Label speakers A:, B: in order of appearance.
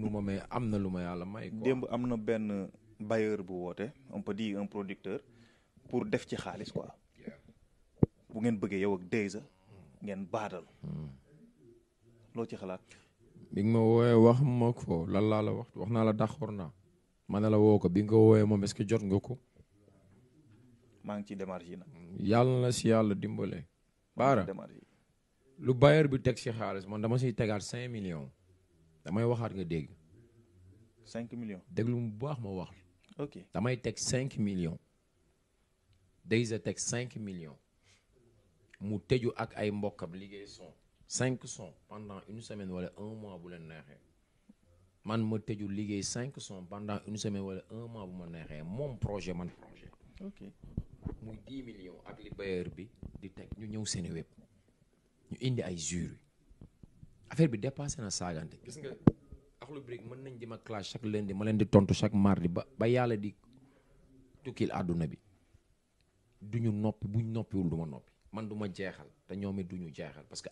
A: nu ma mais am na lu ma yàlla may. démb am na benn bailleur bu woote on peut dire un producteur pour def ci xaalis quoi bu ngeen bëggee yow ak Dayza ngeen baatal. Hmm. loo ci xalaat. bi nga ma wooyee wax ma ko lan laa la wax wax naa la d'accord naa ma ne la woo ko bi nga wooyee moom est-ce que jot nga ko. maa ngi ci démarche yi yàlla la si yàlla dimbale. baara lu bailleur bi teg ci xaalis man dama siy tegaat cinq millions. damay waxaat nga dégg. 5 millions déglu mu bu baax ma wax. ok damay teg 5 millions. Dayza teg 5 millions. mu tëju ak ay mbokkam liggéey son. 5 son pendant une semaine wala un mois bu leen neexee. man ma tëju liggéey 5 son pendant une semaine wala un mois bu ma neexee moom projet man projet. ok muy 10 millions ak li bailleur bi di teg ñu ñëw seen web ñu indi ay juri affaire bi dépassé na saagante gis nga Akhlou Brick mën nañ di ma clash chaque di ma leen di tontu chaque mardi ba ba yàlla di tukkil àdduna bi duñu noppi buñ noppiwul du ma noppi man du ma jeexal te ñoom it duñu jeexal parce que